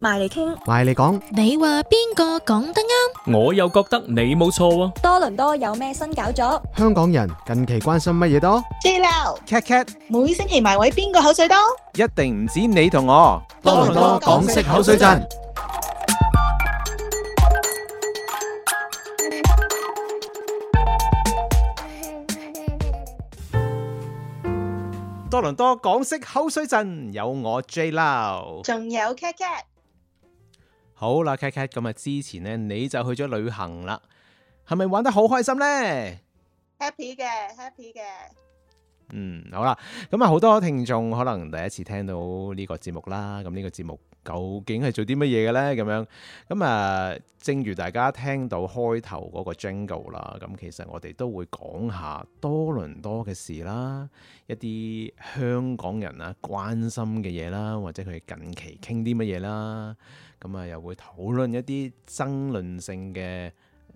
埋嚟傾，埋嚟講，你話邊個講得啱？我又覺得你冇錯。多倫多有咩新搞作？香港人近期關心乜嘢多？J Lau，Kat Kat，每星期埋位邊個口水多？一定唔止你同我。多倫多港式口水鎮，多倫多港式口水鎮，有我 J Lau，仲有 Kat Kat。好啦，Kat Kat，咁啊，Kat, Kat, 之前呢，你就去咗旅行啦，係咪玩得好開心呢？Happy 嘅，Happy 嘅。嗯，好啦，咁啊，好多聽眾可能第一次聽到呢個節目啦，咁呢個節目究竟係做啲乜嘢嘅呢？咁樣，咁啊，正如大家聽到開頭嗰個 Jingle 啦，咁其實我哋都會講下多倫多嘅事啦，一啲香港人啊關心嘅嘢啦，或者佢近期傾啲乜嘢啦。咁啊，又會討論一啲爭論性嘅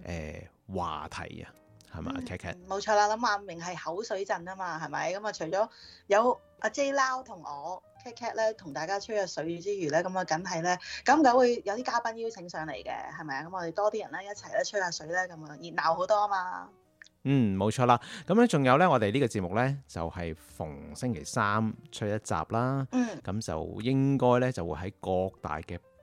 誒話題啊，係咪啊？Kat Kat，冇錯啦，諗阿明係口水陣啊嘛，係咪咁啊？除咗有阿 JLau 同我 Kat Kat 咧，同大家吹下水之餘咧，咁啊，梗係咧，咁梗會有啲嘉賓邀請上嚟嘅，係咪啊？咁我哋多啲人咧一齊咧吹下水咧，咁啊熱鬧好多啊嘛。嗯，冇錯啦。咁咧，仲有咧，我哋呢個節目咧就係逢星期三出一集啦。嗯，咁就應該咧就會喺各大嘅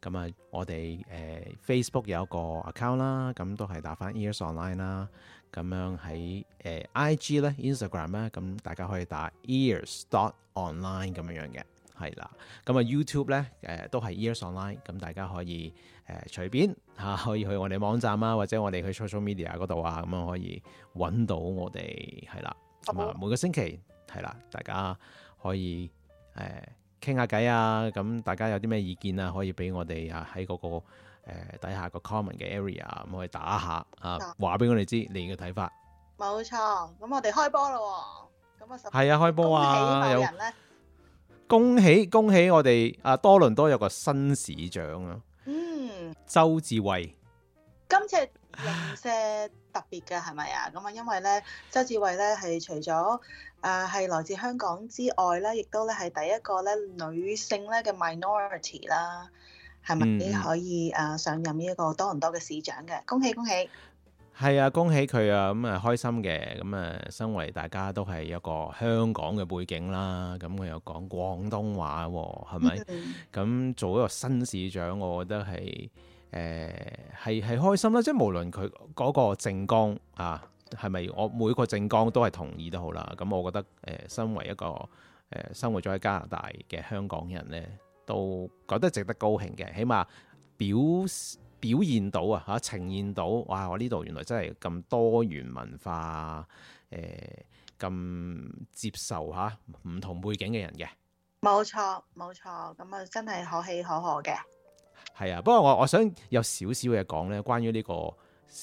咁啊，我哋 Facebook 有一個 account 啦，咁都係打翻 ears online 啦，咁樣喺 IG 咧、Instagram 咧，咁大家可以打 ears dot online 咁樣樣嘅，係啦。咁啊 YouTube 咧誒都係 ears online，咁大家可以誒、呃、隨便嚇可以去我哋網站啊，或者我哋去 social media 嗰度啊，咁樣可以揾到我哋係啦。咁啊每個星期係啦，大家可以、呃傾下偈啊！咁大家有啲咩意見啊？可以俾我哋啊喺嗰個誒、呃、底下個 comment 嘅 area 咁可以打下啊，話、啊、俾我哋知你嘅睇法。冇錯，咁我哋開波啦、哦！咁啊，係啊，開波啊！有人恭喜，呢恭，喜恭喜我哋啊多倫多有個新市長啊！嗯，鄒至蕙。今次係有些特別嘅係咪啊？咁啊，因為咧，鄒至蕙咧係除咗啊係來自香港之外咧，亦都咧係第一個咧女性咧嘅 minority 啦，係咪？你可以啊上任呢一個多倫多嘅市長嘅，恭喜恭喜！係啊，恭喜佢啊！咁啊，開心嘅。咁啊，身為大家都係一個香港嘅背景啦，咁佢又講廣東話，係咪？咁做一個新市長，我覺得係。誒係係開心啦！即係無論佢嗰個政綱啊，係咪我每個政綱都係同意都好啦。咁我覺得誒，身、呃、為一個誒、呃、生活咗喺加拿大嘅香港人咧，都覺得值得高興嘅。起碼表表現到啊嚇，呈現到哇！我呢度原來真係咁多元文化誒，咁、啊、接受嚇唔、啊、同背景嘅人嘅。冇錯冇錯，咁啊真係可喜可賀嘅。係啊，不過我我想有少少嘢講咧，關於呢、這個誒、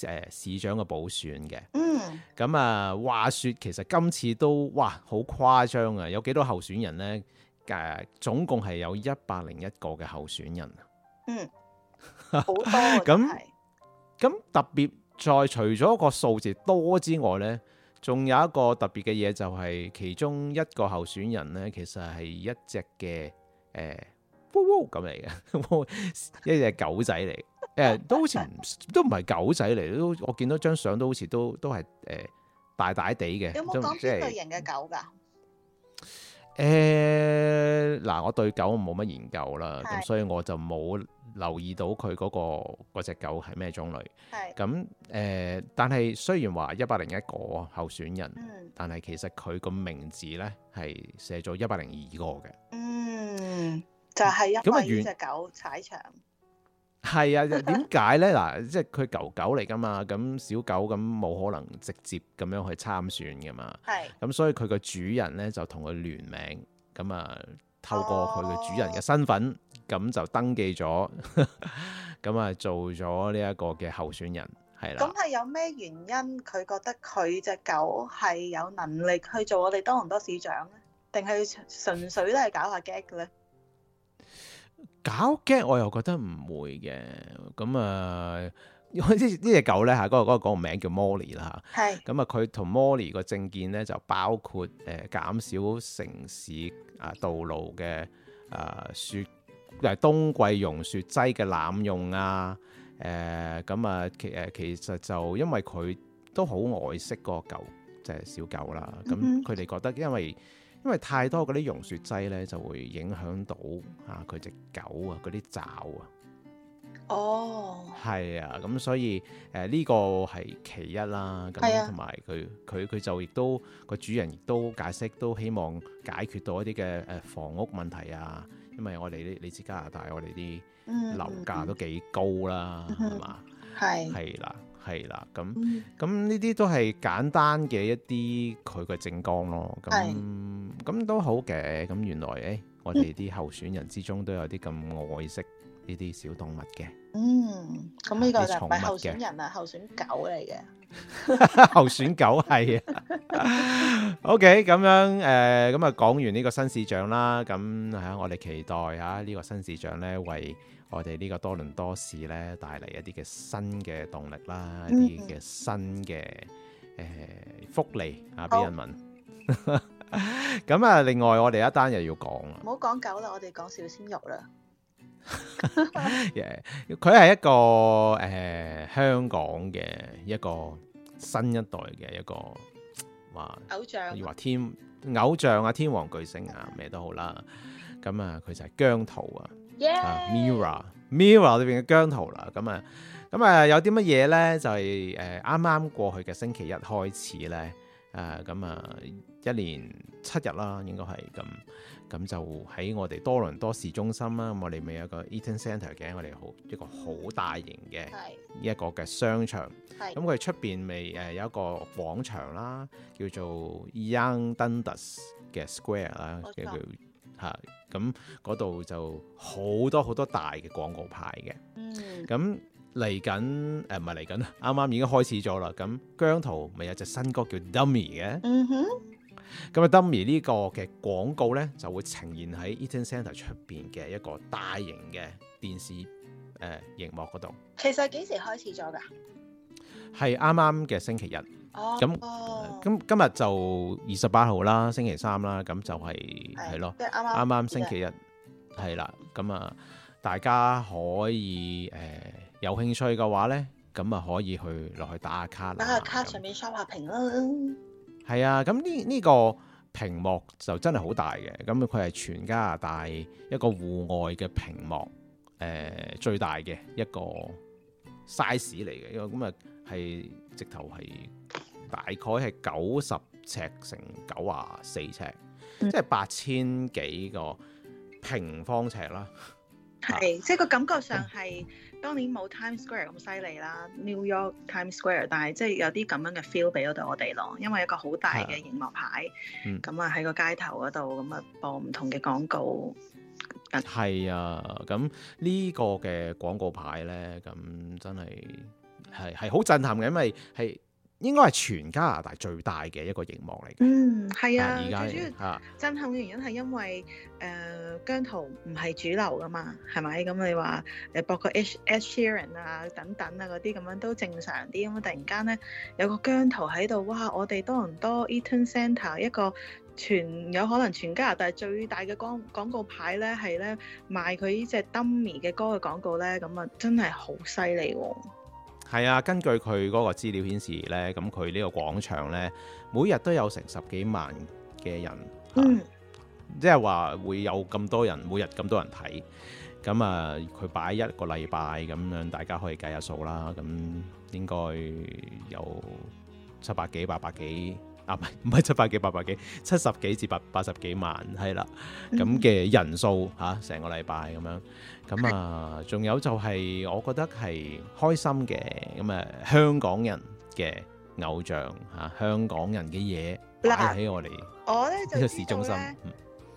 呃、市長嘅補選嘅。嗯。咁啊，話説其實今次都哇好誇張啊！有幾多候選人咧？誒、呃，總共係有一百零一個嘅候選人。嗯。好 多我。 咁咁特別再除咗個數字多之外咧，仲有一個特別嘅嘢就係其中一個候選人咧，其實係一隻嘅誒。呃嗚嗚咁嚟嘅，一隻狗仔嚟誒，都好似都唔係狗仔嚟，都我見到張相都好似都都係誒大大地嘅。有冇講邊類型嘅狗噶？誒，嗱，我對狗冇乜研究啦，咁所以我就冇留意到佢嗰個嗰隻狗係咩種類。係咁誒，但係雖然話一百零一個候選人，但係其實佢個名字咧係寫咗一百零二個嘅。嗯。就係、是、因為隻狗踩場係啊？點解咧嗱？ 即係佢狗狗嚟噶嘛？咁小狗咁冇可能直接咁樣去參選噶嘛？係咁，所以佢個主人咧就同佢聯名咁啊，透過佢嘅主人嘅身份咁、哦、就登記咗咁啊， 做咗呢一個嘅候選人係啦。咁係有咩原因佢覺得佢隻狗係有能力去做我哋多倫多市長咧？定係純粹都係搞下 gag 嘅咧？搞驚我又覺得唔會嘅，咁啊，呢、呃、呢隻狗咧嗰、嗰個嗰個名叫 Molly 啦嚇，咁啊佢同 Molly 個政見咧就包括、呃、減少城市啊道路嘅啊、呃、雪誒冬季溶雪劑嘅濫用啊，咁啊其其實就因為佢都好愛惜嗰個狗即係、就是、小狗啦，咁佢哋覺得因為。因為太多嗰啲溶雪劑咧，就會影響到吓佢隻狗啊，嗰啲爪啊。哦，係啊，咁所以誒呢、呃呢個係其一啦。咁同埋佢佢佢就亦都個主人亦都解釋，都希望解決到一啲嘅誒房屋問題啊。因為我哋呢你知加拿大，我哋啲樓價都幾高啦，係、嗯、嘛、嗯，係係啦。係啦、啊，咁咁呢啲都係簡單嘅一啲佢嘅政綱咯，咁咁都好嘅。咁原來誒、哎，我哋啲候選人之中都有啲咁愛惜呢啲小動物嘅。嗯，咁呢個就係候選人啊，候選狗嚟嘅。 候選狗係、 啊、OK，咁樣誒，咁啊講完呢個新市長啦，咁係我哋期待吓、這個、呢個新市長咧為我哋呢個多倫多市咧，帶嚟一啲嘅新嘅動力啦，一啲嘅新嘅誒福利啊，俾人民。咁啊，另外我哋一單又要講啦。唔好講狗啦，我哋講小鮮肉啦。佢係一個誒香港嘅一個新一代嘅一個話偶像，話天偶像啊，天王巨星啊，咩都好啦。咁啊，佢就係姜濤啊。Yeah! Uh, Mirror，Mirror 裏邊嘅姜濤啦，咁啊，咁啊有啲乜嘢咧？就係誒啱啱過去嘅星期一開始咧，誒咁啊一連七日啦，應該係咁，咁就喺我哋多倫多市中心啦，我哋咪有個 Eaton Centre 嘅，我哋好一個好大型嘅呢一個嘅商場，咁佢出邊咪誒有一個廣場啦，叫做 Yonge Dundas 嘅 Square 啦。叫。嚇，咁嗰度就好多好多大嘅廣告牌嘅、嗯。嗯，咁嚟緊誒，唔係嚟緊啱啱已經開始咗啦。咁姜濤咪有隻新歌叫 Dummy 嘅。嗯哼。咁啊，Dummy 呢個嘅廣告咧，就會呈現喺 Eaton Centre 出邊嘅一個大型嘅電視誒熒、呃、幕嗰度。其實幾時開始咗㗎？係啱啱嘅星期日，咁、哦、咁今日就28日就二十八號啦，星期三啦，咁就係、係、係、嗯、咯，啱啱星期日係、嗯、啦，咁啊，大家可以誒、呃、有興趣嘅話咧，咁啊可以去落去打下卡啦，打下卡上面刷下屏啦。係啊，咁呢呢個屏幕就真係好大嘅，咁佢係全加拿大一個戶外嘅屏幕誒、呃，最大嘅一個 size 嚟嘅，因為咁啊。係直頭係大概係九十尺乘九啊四尺，嗯、即係八千幾個平方尺啦。係、啊、即係個感覺上係、嗯、當年冇 Times Square 咁犀利啦，New York Times Square，但係即係有啲咁樣嘅 feel 俾到我哋咯。因為有一個好大嘅熒幕牌，咁啊喺個、嗯、街頭嗰度咁啊播唔同嘅廣告。係啊，咁呢、啊、個嘅廣告牌咧，咁真係～係係好震撼嘅，因為係應該係全加拿大最大嘅一個熒幕嚟嘅。嗯，係啊，最主要震撼嘅原因係因為誒、啊呃、姜濤唔係主流噶嘛，係咪？咁你話誒博個 Ed Sheeran 啊等等啊嗰啲咁樣都正常啲咁，但突然間咧有個姜濤喺度，哇！我哋多倫多 Eaton Centre 一個全有可能全加拿大最大嘅光廣告牌咧，係咧賣佢呢隻 Dummy 嘅歌嘅廣告咧，咁啊真係好犀利喎。係啊，根據佢嗰個資料顯示呢，咁佢呢個廣場呢，每日都有成十幾萬嘅人，即係話會有咁多人，每日咁多人睇，咁啊，佢擺一個禮拜咁樣，大家可以計下數啦，咁應該有七百幾、八百幾。啊，唔係唔係七百幾八百幾，七十幾至百八十幾萬係啦，咁嘅人數嚇，成個禮拜咁樣，咁啊，仲有就係我覺得係開心嘅，咁啊，香港人嘅偶像嚇，香港人嘅嘢係我哋，我呢就市中心，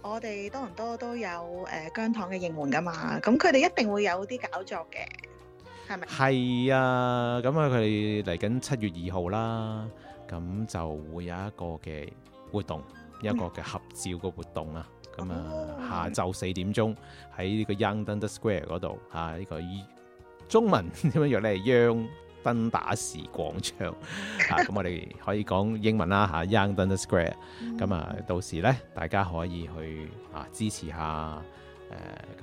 我哋多倫多都有誒姜糖嘅應援噶嘛，咁佢哋一定會有啲搞作嘅，係咪？係啊，咁啊，佢哋嚟緊七月二號啦。咁就會有一個嘅活動，嗯、一個嘅合照嘅活動啊！咁、哦、啊，下晝四點鐘喺呢個 Yonge-Dundas Square 嗰度嚇，呢個中文點樣讀咧？央登燈打士廣場嚇，咁、 啊、我哋可以講英文啦吓 Yonge-Dundas Square。咁、嗯、啊，到時咧大家可以去啊支持下。誒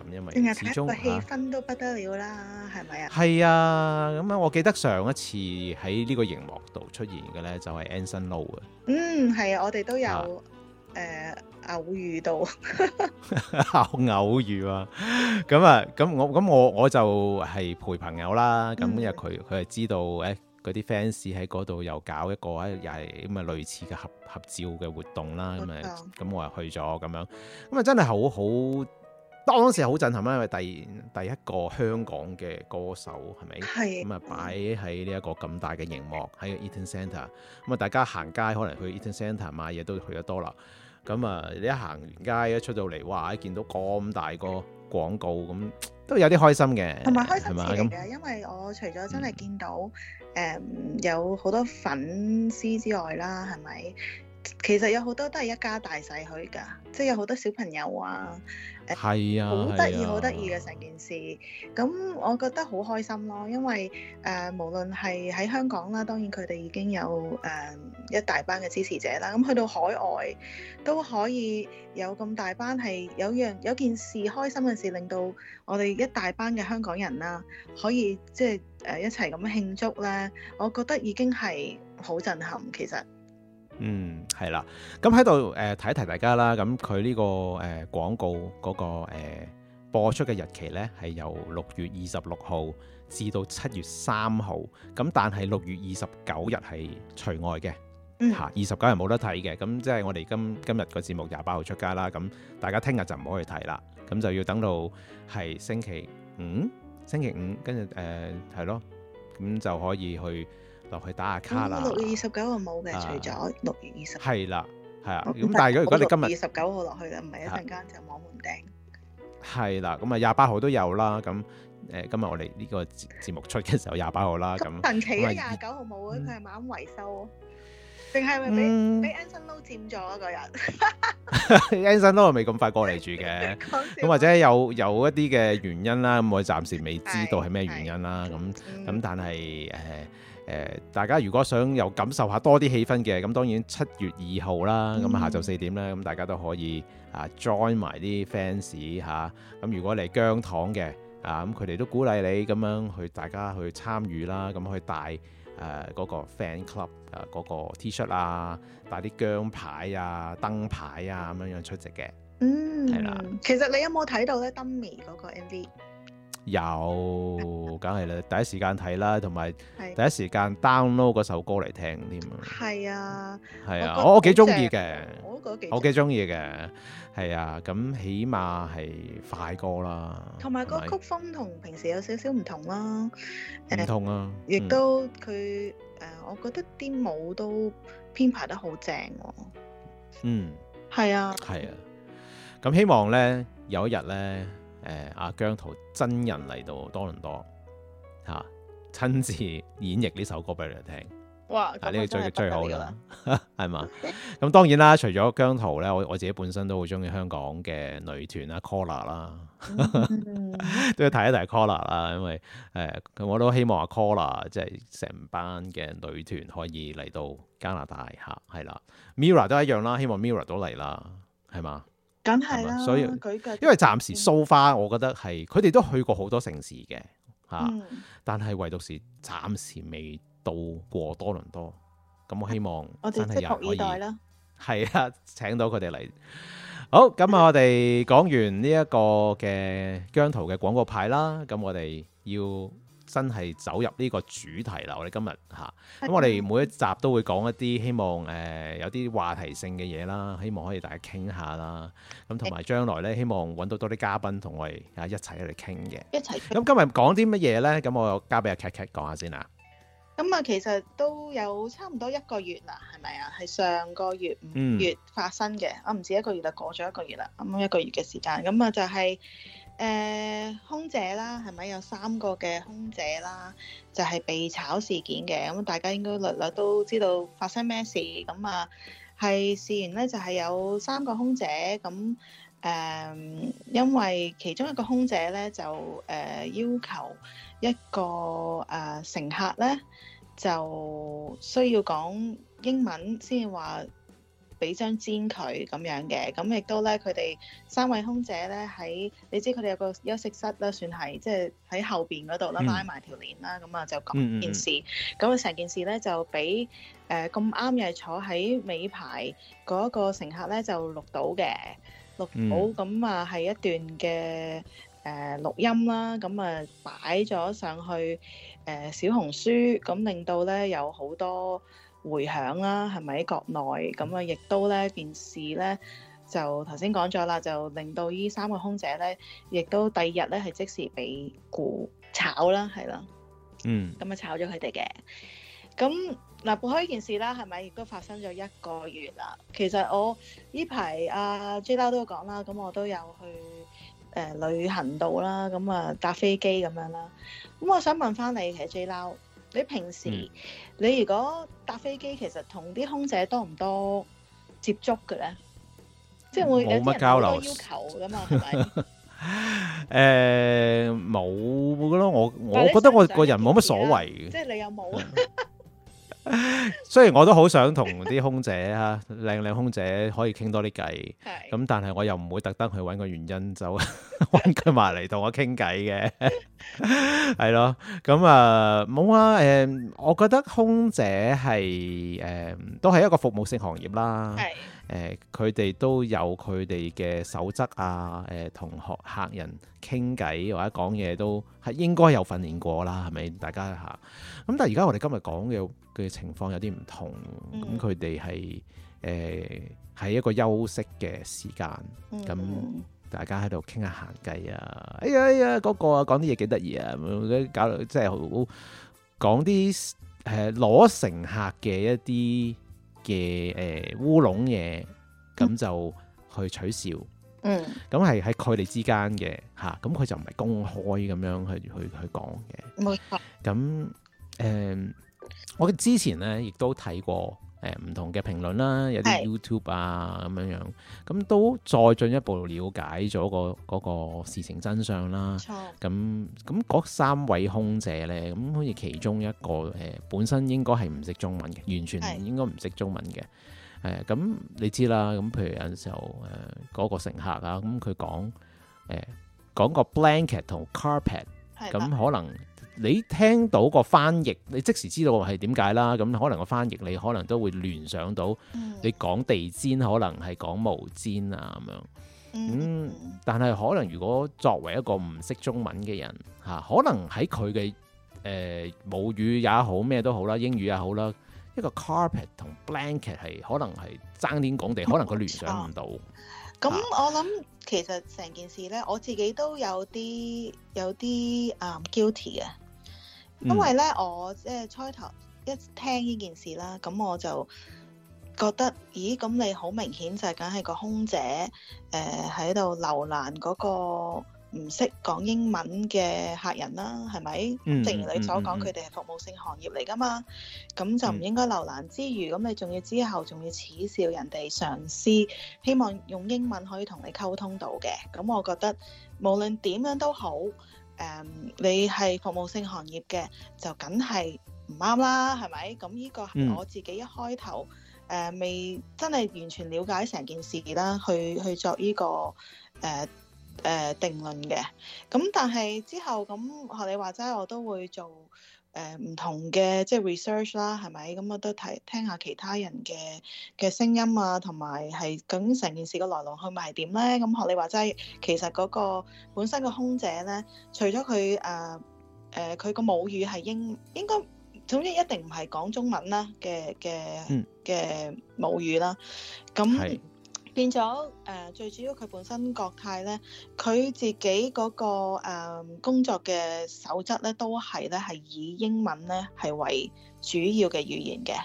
咁，因為始終個氣氛都不得了啦，係咪啊？係啊，咁啊，我記得上一次喺呢個熒幕度出現嘅咧，就係 Anson Lo 嘅。嗯，係啊，我哋都有誒偶遇到，好偶遇啊！咁啊，咁我咁我我就係陪朋友啦。咁因為佢佢係，知道誒嗰啲 fans 喺嗰度又搞一個啊，又係咁啊類似嘅合合照嘅活動啦。咁啊，咁我係去咗咁樣，咁啊真係好好。當時好震撼啊，因為第一第一個香港嘅歌手係咪？係，咁啊擺喺呢一個咁大嘅熒幕喺 Eaton Centre，咁啊大家行街可能去 Eaton Centre e 買嘢都去得多啦。咁啊，你一行完街一出到嚟，哇！一見到咁大個廣告，咁都有啲開心嘅。同埋開心嘅，因為我除咗真係見到誒、嗯嗯、有好多粉絲之外啦，係咪？其實有好多都係一家大細去㗎，即係有好多小朋友啊，係啊，好得意好得意嘅成件事。咁我覺得好開心咯，因為誒無論係喺香港啦，當然佢哋已經有誒一大班嘅支持者啦。咁去到海外都可以有咁大班係有樣有件事開心嘅事，令到我哋一大班嘅香港人啦，可以即係誒一齊咁慶祝咧。我覺得已經係好震撼，其實。嗯，係啦，咁喺度誒提一提大家啦，咁佢呢個誒、呃、廣告嗰、嗰個、呃、播出嘅日期呢，係由六月二十六號至到七月三號，咁但係六月二十九日係除外嘅，嚇、嗯，二十九日冇得睇嘅，咁即係我哋今今日個節目廿八號出街啦，咁大家聽日就唔好去睇啦，咁就要等到係星期五，星期五跟住誒係咯，咁、呃、就可以去落去打下卡啦。六月二十九號冇嘅、啊，除咗六月二十。係啦，係啊。咁、嗯、但係如果如果你今日二十九號落去啦，唔係一陣間就冇門檻。係啦，咁啊廿八號都有啦。咁誒、呃，今日我哋呢個節節目出嘅時候廿八號啦。咁神奇廿九號冇啊，佢係晚啱維修，定係咪俾俾 Anson Lo 佔咗嗰日？Anson Lo 未咁快過嚟住嘅。咁 或者有有一啲嘅原因啦，咁我暫時未知道係咩原因啦。咁咁、嗯、但係誒。嗯誒、呃，大家如果想有感受下多啲氣氛嘅，咁當然七月二號啦，咁、嗯、下晝四點啦，咁大家都可以啊 join 埋啲 fans 嚇。咁、啊、如果你姜糖嘅，啊咁佢哋都鼓勵你咁樣去，大家去參與啦，咁去帶誒嗰個 fan club 誒、啊、嗰、那個 T 恤啊，帶啲姜牌啊、燈牌啊咁樣樣出席嘅。嗯，係啦。其實你有冇睇到咧？Dummy 嗰個 MV。有，梗係啦！第一時間睇啦，同埋第一時間 download 嗰首歌嚟聽添。係啊，係啊，我幾中意嘅。我都覺得幾，我幾中意嘅。係啊，咁起碼係快歌啦。同埋個曲風同平時有少少唔同啦。唔同啊！亦都佢誒，我覺得啲舞都編排得好正喎。嗯，係啊，係啊。咁希望咧，有一日咧。誒，阿姜濤真人嚟到多倫多吓，啊、親自演繹呢首歌俾你哋聽。哇！呢個最最好㗎啦係嘛？咁 是嗎 當然啦，除咗姜濤咧，我我自己本身都好中意香港嘅女團啊 Collar 啦， 都要提一提 Collar 啦，因為誒，哎、我都希望阿 Collar 即係成班嘅女團可以嚟到加拿大吓，係啦，Mirror 都一樣啦，希望 Mirror 都嚟啦，係嘛？梗係啦，所以因為暫時蘇花、嗯，我覺得係佢哋都去過好多城市嘅嚇、啊嗯，但係唯獨是暫時未到過多倫多。咁我希望真有、啊、我哋接撲耳代啦，係啊，請到佢哋嚟。好，咁啊，我哋講完呢一個嘅姜濤嘅廣告牌啦，咁我哋要。真係走入呢個主題啦我哋今日吓咁，我哋每一集都會講一啲希望誒、呃、有啲話題性嘅嘢啦，希望可以大家傾下啦。咁同埋將來咧，希望揾到多啲嘉賓同我哋啊一齊嚟傾嘅。一齊咁今日講啲乜嘢咧？咁我交俾阿 Kat Kat 講下先啊。咁啊，其實都有差唔多一個月啦，係咪啊？係上個月五月發生嘅、嗯，我唔止一個月就過咗一個月啦，啱啱一個月嘅時間，咁啊就係、是。誒、呃、空姐啦，係咪有三個嘅空姐啦？就係、是、被炒事件嘅，咁大家應該略略都知道發生咩事。咁啊，係事緣咧就係、是、有三個空姐，咁誒、呃，因為其中一個空姐咧就誒、呃、要求一個誒、呃、乘客咧就需要講英文先至話。俾張氈佢咁樣嘅，咁亦都咧，佢哋三位空姐咧喺你知佢哋有個休息室啦，算係即係喺後面嗰度啦，拉埋條鏈啦，咁啊就講、嗯、件事，咁啊成件事咧就俾誒咁啱又係坐喺尾排嗰個乘客咧就錄到嘅，錄到咁啊係一段嘅誒錄音啦，咁啊擺咗上去、呃、小紅書，咁令到咧有好多。回響啦，係咪喺國內咁啊？亦都咧，件事咧就頭先講咗啦，就令到呢三個空姐咧，亦都第二日咧係即時被股炒啦，係啦，嗯，咁啊炒咗佢哋嘅。咁嗱，撇開呢件事啦，係咪亦都發生咗一個月啦？其實我呢排阿 JLau 都有講啦，咁、啊、我都有去誒、呃、旅行度啦，咁、嗯、啊搭飛機咁樣啦。咁我想問翻你，其實 JLau。你平時、嗯、你如果搭飛機，其實同啲空姐多唔多接觸嘅咧？即係會有冇乜交流要求㗎嘛？係咪？冇、 呃，咁咯。我我覺得我個人冇乜所謂嘅。即係你有冇？ 雖然我都好想同啲空姐啊，靚 靚空姐可以傾多啲計，咁但係我又唔會特登去揾個原因就揾佢埋嚟同我傾偈嘅，係 咯，咁啊冇啊，誒、嗯嗯，我覺得空姐係誒、嗯、都係一個服務性行業啦。誒、呃，佢哋都有佢哋嘅守則啊！誒、呃，同學、客人傾偈或者講嘢都係應該有訓練過啦，係咪？大家嚇咁，但係而家我哋今日講嘅嘅情況有啲唔同，咁佢哋係誒喺一個休息嘅時間，咁、mm -hmm. 嗯、大家喺度傾下閒偈啊！哎呀哎呀，嗰、那個啊講啲嘢幾得意啊！搞到即係好講啲誒攞乘客嘅一啲。嘅誒、呃、烏龍嘢，咁、嗯、就去取笑，嗯，咁係喺佢哋之間嘅嚇，咁、啊、佢就唔係公開咁樣去去去講嘅，冇錯。咁誒、呃，我之前咧亦都睇過。誒唔同嘅評論啦，有啲 YouTube 啊咁樣樣，咁都再進一步了解咗、嗰個嗰、嗰個、事情真相啦。錯。咁咁嗰三位空姐咧，咁好似其中一個誒、呃、本身應該係唔識中文嘅，完全應該唔識中文嘅。誒咁、欸、你知啦，咁譬如有陣時候誒嗰、呃嗰個乘客啊，咁佢講誒、呃、講個 blanket 同 carpet，咁可能。你聽到個翻譯，你即時知道係點解啦。咁可能個翻譯你可能都會聯想到你，你講地氈可能係講毛氈啊咁樣。但係可能如果作為一個唔識中文嘅人、啊、可能喺佢嘅誒母語也好咩都好啦，英語也好啦，一個 carpet 同 blanket 係可能係爭天講地，可能佢聯想唔到。咁、嗯啊、我諗其實成件事呢，我自己都有啲有啲啊、嗯、guilty 嘅。嗯、因為咧，我即係初頭一聽呢件事啦，咁我就覺得，咦，咁你好明顯就梗係個空姐誒喺度流難嗰個唔識講英文嘅客人啦，係咪、嗯？正如你所講，佢哋係服務性行業嚟㗎嘛，咁就唔應該流難之餘，咁、嗯、你仲要之後仲要恥笑人哋嘗試，希望用英文可以同你溝通到嘅，咁我覺得無論點樣都好。誒、um，你係服務性行業嘅，就梗係唔啱啦，係咪？咁呢個係我自己一開頭誒，未、嗯呃、真係完全了解成件事啦，去去作呢、呢個誒誒、呃呃、定論嘅。咁但係之後咁學你話齋，我都會做。誒唔同嘅即係 research 啦，係咪？咁我都睇聽下其他人嘅嘅聲音啊，同埋係究竟成件事嘅來龍去脈係點咧？咁學你話齋，其實嗰個本身個空姐咧，除咗佢誒誒佢個母語係英，應該總之一定唔係講中文啦嘅嘅嘅母語啦。咁係。變咗誒、呃，最主要佢本身國泰咧，佢自己嗰、那個、呃、工作嘅守則咧，都係咧係以英文咧係為主要嘅語言嘅。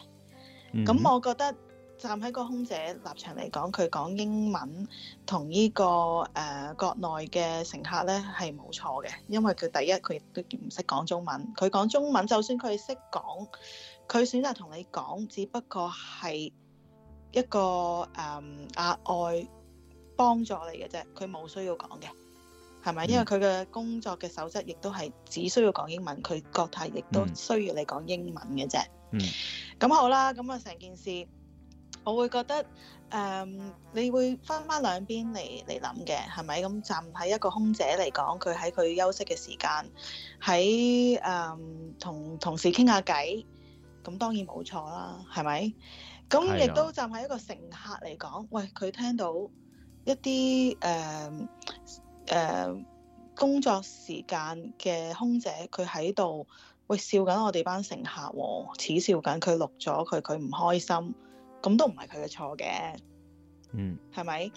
咁、嗯、我覺得站喺個空姐立場嚟講，佢講英文同呢、這個誒、呃、國內嘅乘客咧係冇錯嘅，因為佢第一佢亦都唔識講中文，佢講中文就算佢識講，佢選擇同你講，只不過係，一個誒、嗯、額外幫助你嘅啫，佢冇需要講嘅，係咪？因為佢嘅工作嘅守則亦都係只需要講英文，佢國泰亦都需要你講英文嘅啫。咁、嗯、好啦，咁啊成件事，我會覺得誒、嗯，你會分翻兩邊嚟嚟諗嘅，係咪？咁站喺一個空姐嚟講，佢喺佢休息嘅時間，喺誒、嗯、同同事傾下偈，咁當然冇錯啦，係咪？咁亦都站喺一個乘客嚟講，喂，佢聽到一啲誒誒工作時間嘅空姐，佢喺度喂笑緊我哋班乘客，恥笑緊，佢錄咗佢，佢唔開心，咁都唔係佢嘅錯嘅，嗯是，係咪？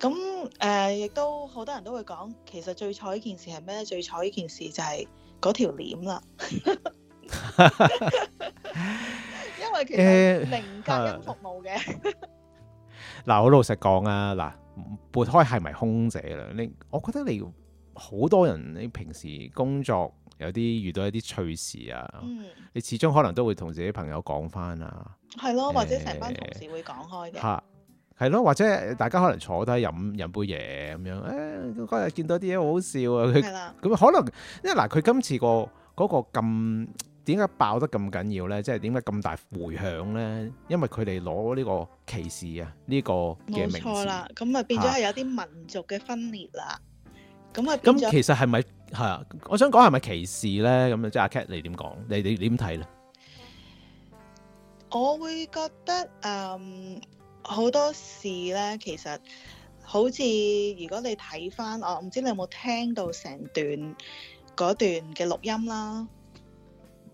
咁、呃、誒，亦都好多人都會講，其實最錯呢件事係咩咧？最錯呢件事就係嗰條氈啦。 誒，零隔音服務嘅、欸。嗱、啊，好 老實講啊，嗱，撥開係咪空姐啦？你，我覺得你好多人，你平時工作有啲遇到一啲趣事啊，嗯、你始終可能都會同自己朋友講翻啊。係咯，或者成班同事會講開嘅。吓、欸，係、啊、咯，或者大家可能坐低飲飲杯嘢咁樣，誒、哎，嗰日見到啲嘢好好笑啊，佢，咁可能，因為嗱，佢今次、個嗰、個咁。點解爆得咁緊要咧？即係點解咁大回響咧？因為佢哋攞呢個歧視啊，呢個嘅名字。冇錯啦，咁啊變咗係有啲民族嘅分裂啦。咁啊咁，其實係咪係啊？我想講係咪歧視咧？咁啊，即係阿 Cat，你點講？你你點睇咧？我會覺得，嗯，好多事咧，其實好似如果你睇翻，我唔知你有冇聽到成段嗰段嘅錄音啦。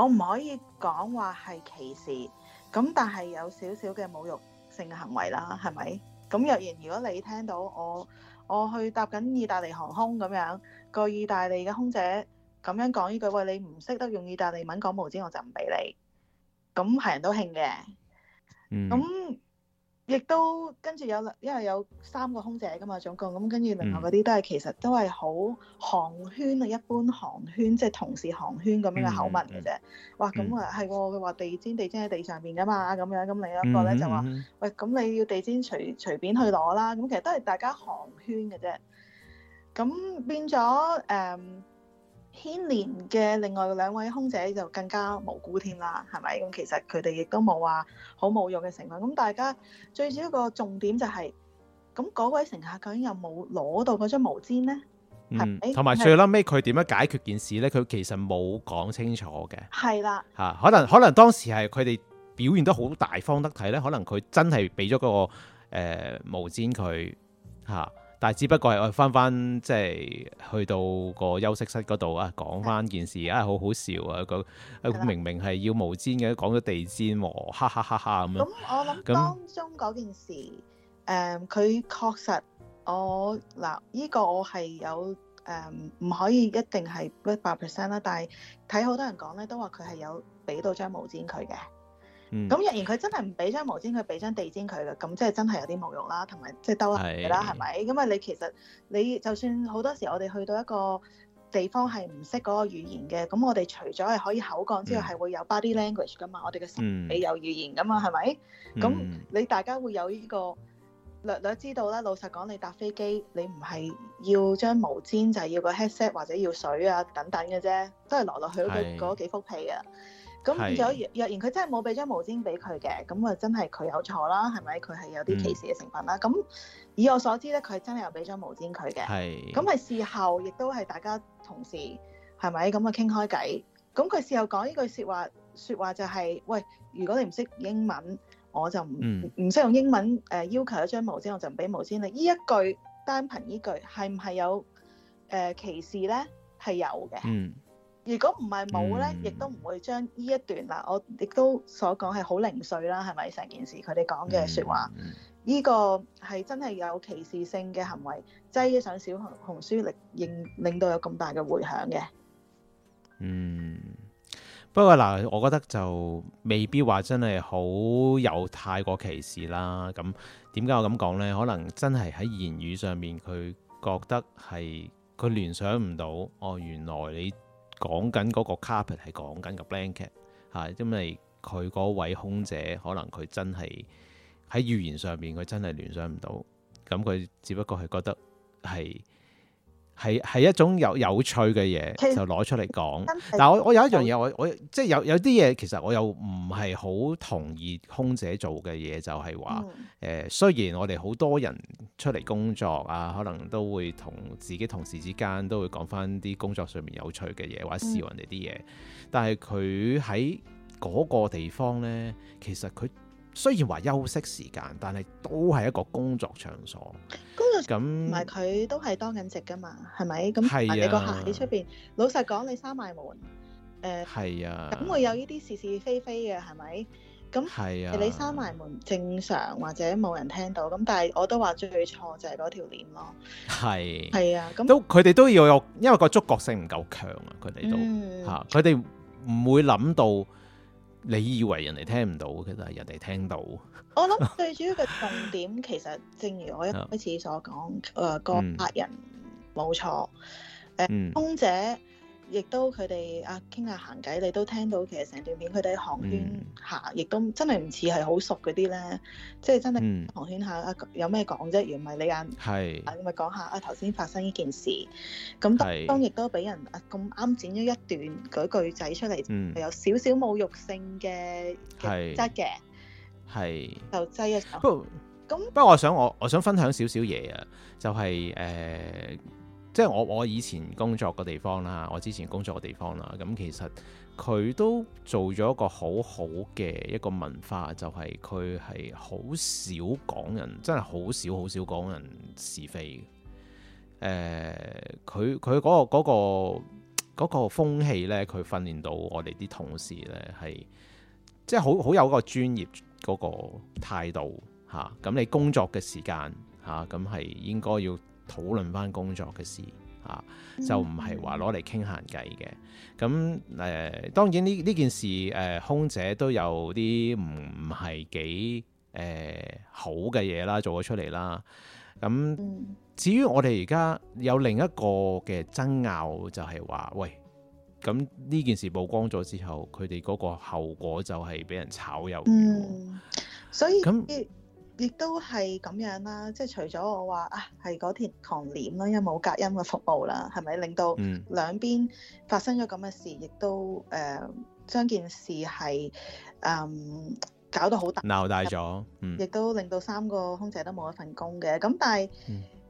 我唔可以講話係歧視，咁但係有少少嘅侮辱性嘅行為啦，係咪？咁若然如果你聽到我我去搭緊意大利航空咁樣，個意大利嘅空姐咁樣講呢句，喂，你唔識得用意大利文講毛氈，我就唔俾你，咁係人都興嘅，嗯。亦都跟住有，因為有三個空姐㗎嘛，總共咁跟住另外嗰啲都係、嗯、其實都係好寒暄啊，一般寒暄即係、就是、同事寒暄咁樣嘅口吻嘅啫。哇，咁啊係喎，佢、嗯、話地氈地氈喺地上面㗎嘛，咁樣咁另一個咧就話、嗯、喂，咁你要地氈隨隨便去攞啦。咁其實都係大家寒暄嘅啫。咁變咗誒。嗯牽連嘅另外兩位空姐就更加無辜添啦，係咪？咁其實佢哋亦都冇話好侮辱嘅成分。咁大家最主要個重點就係、是，咁嗰位乘客究竟有冇攞到嗰張毛毯呢？同、嗯、埋最後尾佢點樣解決件事呢？佢其實冇講清楚嘅。係啦。嚇，可能可能當時係佢哋表現得好大方得體呢，可能佢真係俾咗個誒、呃、毛毯佢嚇。啊但係，只不過係我翻翻即係去到個休息室嗰度啊，講翻件事啊，好好笑啊！啊明明係要毛毯嘅，講咗地毯喎，哈哈哈哈咁樣。咁、嗯、我諗當中嗰件事誒，佢、嗯嗯、確實我嗱呢、嗯呢個我係有誒唔、嗯、可以一定係一百 percent 啦，但係睇好多人講咧都話佢係有俾到一張毛毯佢嘅。咁、嗯、若然佢真係唔俾張毛氈，佢俾張地氈佢嘅，咁即係真係有啲侮辱啦，同埋即係兜下嘅啦，係咪？咁啊，你其實你就算好多時我哋去到一個地方係唔識嗰個語言嘅，咁我哋除咗係可以口講之外，係、嗯、會有 body language 噶嘛，我哋嘅身體、嗯、有語言噶嘛，係咪？咁、嗯、你大家會有呢、這個略略知道啦。老實講，你搭飛機，你唔係要張毛氈，就係、是、要個 headset 或者要水啊等等嘅啫，都係來來去去嗰幾幅屁啊。咁如果若然佢真係冇俾張毛毯俾佢嘅，咁啊真係佢有錯啦，係咪？佢係有啲歧視嘅成分啦。咁、嗯、以我所知咧，佢真係有俾張毛毯佢嘅。咁咪事後，亦都係大家同事，係咪？咁啊傾開偈。咁佢事後講呢句說話，說話就係、是：，喂，如果你唔識英文，我就唔唔識用英文誒要求一張毛毯，我就唔俾毛毯你。呢一句，單憑呢句，係唔係有、呃、歧視咧？係有嘅。嗯。如果唔係冇呢，亦都唔會將呢一段嗱、嗯，我亦都所講係好零碎啦，係咪成件事佢哋講嘅説話？呢、嗯呢個係真係有歧視性嘅行為，擠上小紅紅書令，力令到有咁大嘅回響嘅。嗯，不過嗱，我覺得就未必話真係好有太過歧視啦。咁點解我咁講呢？可能真係喺言語上面，佢覺得係佢聯想唔到哦，原來你。講緊嗰個 carpet 係講緊個 blanket，嚇，因為佢嗰位空姐可能佢真係喺語言上面，佢真係聯想唔到，咁佢只不過係覺得係。係係一種有有趣嘅嘢，就攞出嚟講。但我我有一樣嘢，我我即係有有啲嘢，其實我又唔係好同意空姐做嘅嘢，就係話誒，雖然我哋好多人出嚟工作啊，可能都會同自己同事之間都會講翻啲工作上面有趣嘅嘢，或者笑人哋啲嘢，但係佢喺嗰個地方呢，其實佢。雖然話休息時間，但係都係一個工作場所。咁，唔係佢都係當緊值噶嘛，係咪？咁同、啊、你個客喺出邊。老實講，你閂埋門，誒、呃，係啊。咁會有呢啲是是非非嘅，係咪？咁係啊。你閂埋門，正常或者冇人聽到。咁，但係我都話最錯就係嗰條鏈咯。係係啊。咁都，佢哋都要有，因為個觸覺性唔夠強啊。佢哋都吓，佢哋唔會諗到。你以為人哋聽唔到，其實人哋聽到。我諗最主要嘅重點， 其實正如我一開始所講，誒個客人冇錯，誒、 呃、 空姐。亦都佢哋啊傾下行偈，你都聽到其實成段片佢哋行圈下，亦都真係唔似係好熟嗰啲咧，即係真係行圈下啊，有咩講啫？如果唔係你晏係，唔係講下啊頭先發生呢件事，咁當亦都俾人啊咁啱剪咗一段嗰句仔出嚟，係有少少侮辱性嘅質嘅，係就擠嘅時候。咁不過我想我我想分享少少嘢啊，就係誒。即係我我以前工作嘅地方啦，我之前工作嘅地方啦，咁其實佢都做咗一個好好嘅一個文化，就係佢係好少講人，真係好少好少講人是非嘅。誒、呃，佢佢嗰個嗰個嗰個風氣咧，佢訓練到我哋啲同事呢，係，即係好好有個專業嗰個態度吓。咁、啊、你工作嘅時間吓，咁、啊、係應該要。討論翻工作嘅事吓、嗯，就唔係話攞嚟傾閒偈嘅。咁誒、呃，當然呢呢件事誒、呃、空姐都有啲唔係幾誒好嘅嘢啦，做咗出嚟啦。咁至於我哋而家有另一個嘅爭拗，就係、是、話喂，咁呢件事曝光咗之後，佢哋嗰個後果就係俾人炒魷、嗯。所以咁。亦都係咁樣啦，即係除咗我話啊，係嗰條狂唸咯，因為冇隔音嘅服務啦，係咪令到兩邊發生咗咁嘅事，亦都誒將件事係嗯搞到好大鬧大咗，嗯，亦都令到三個空姐都冇一份工嘅。咁但係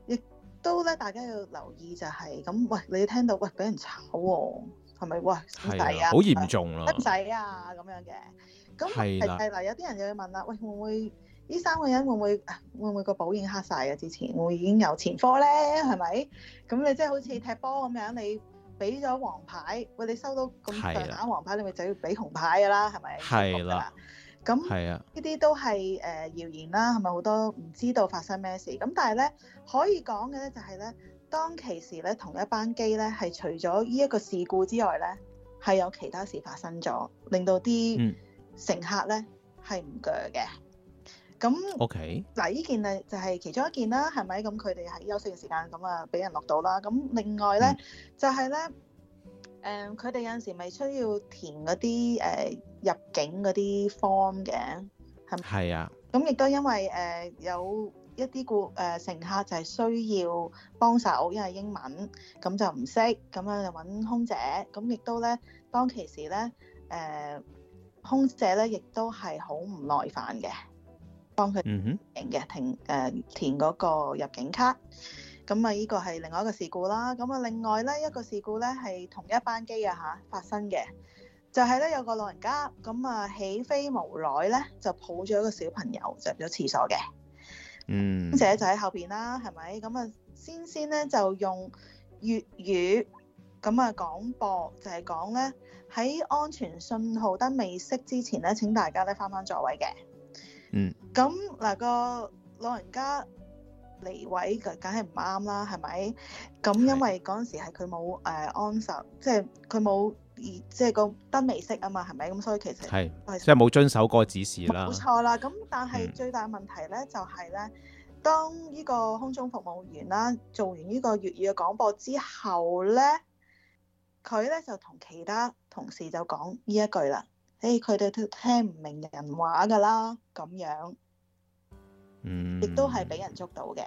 亦都咧，大家要留意就係咁，喂，你聽到喂俾人炒喎，係咪？喂，唔使啊，好嚴重啊，唔使啊，咁樣嘅咁係啦，有啲人又要問啦，喂，會唔會？呢三個人會唔會會唔會個保險黑晒嘅？之前會，會已經有前科咧，係咪咁？你即係好似踢波咁樣，你俾咗黃牌，喂，你收到咁上下黃牌，的你咪就要俾紅牌噶啦，係咪？係啦，咁呢啲都係誒、呃、謠言啦，係咪好多唔知道發生咩事咁？但係咧可以講嘅咧就係咧，當其時咧同一班機咧係除咗呢一個事故之外咧，係有其他事發生咗，令到啲乘客咧係唔鋸嘅。咁 OK，嗱依件啊就係其中一件啦，係咪咁？佢哋喺休息嘅時間咁啊俾人錄到啦。咁另外咧、嗯、就係、是、咧，誒佢哋有陣時咪需要填嗰啲誒入境嗰啲 form 嘅，係啊。咁亦都因為誒、呃、有一啲顧誒乘客就係需要幫手，因為英文咁就唔識咁樣就揾空姐。咁亦都咧當其時咧誒、呃、空姐咧亦都係好唔耐煩嘅。幫佢停嘅，停誒填嗰、呃、個入境卡。咁啊，呢個係另外一個事故啦。咁啊，另外咧一個事故咧係同一班機啊嚇發生嘅，就係、是、咧有個老人家咁啊起飛無耐咧就抱咗個小朋友上咗廁所嘅。嗯，跟住就喺後邊啦，係咪？咁啊，先先咧就用粵語咁啊廣播，就係、是、講咧喺安全信號燈未熄之前咧，請大家咧返返座位嘅。嗯，咁嗱個老人家離位嘅梗係唔啱啦，係咪？咁因為嗰陣時係佢冇誒安守，即係佢冇即係個燈未熄啊嘛，係咪？咁所以其實係即係冇遵守個指示啦。冇錯啦。咁但係最大問題咧就係咧，當呢個空中服務員啦，做完呢個粵語嘅廣播之後咧，佢咧就同其他同事就講呢一句啦。誒，佢哋都聽唔明人話噶啦，咁樣，嗯，亦都係俾人捉到嘅。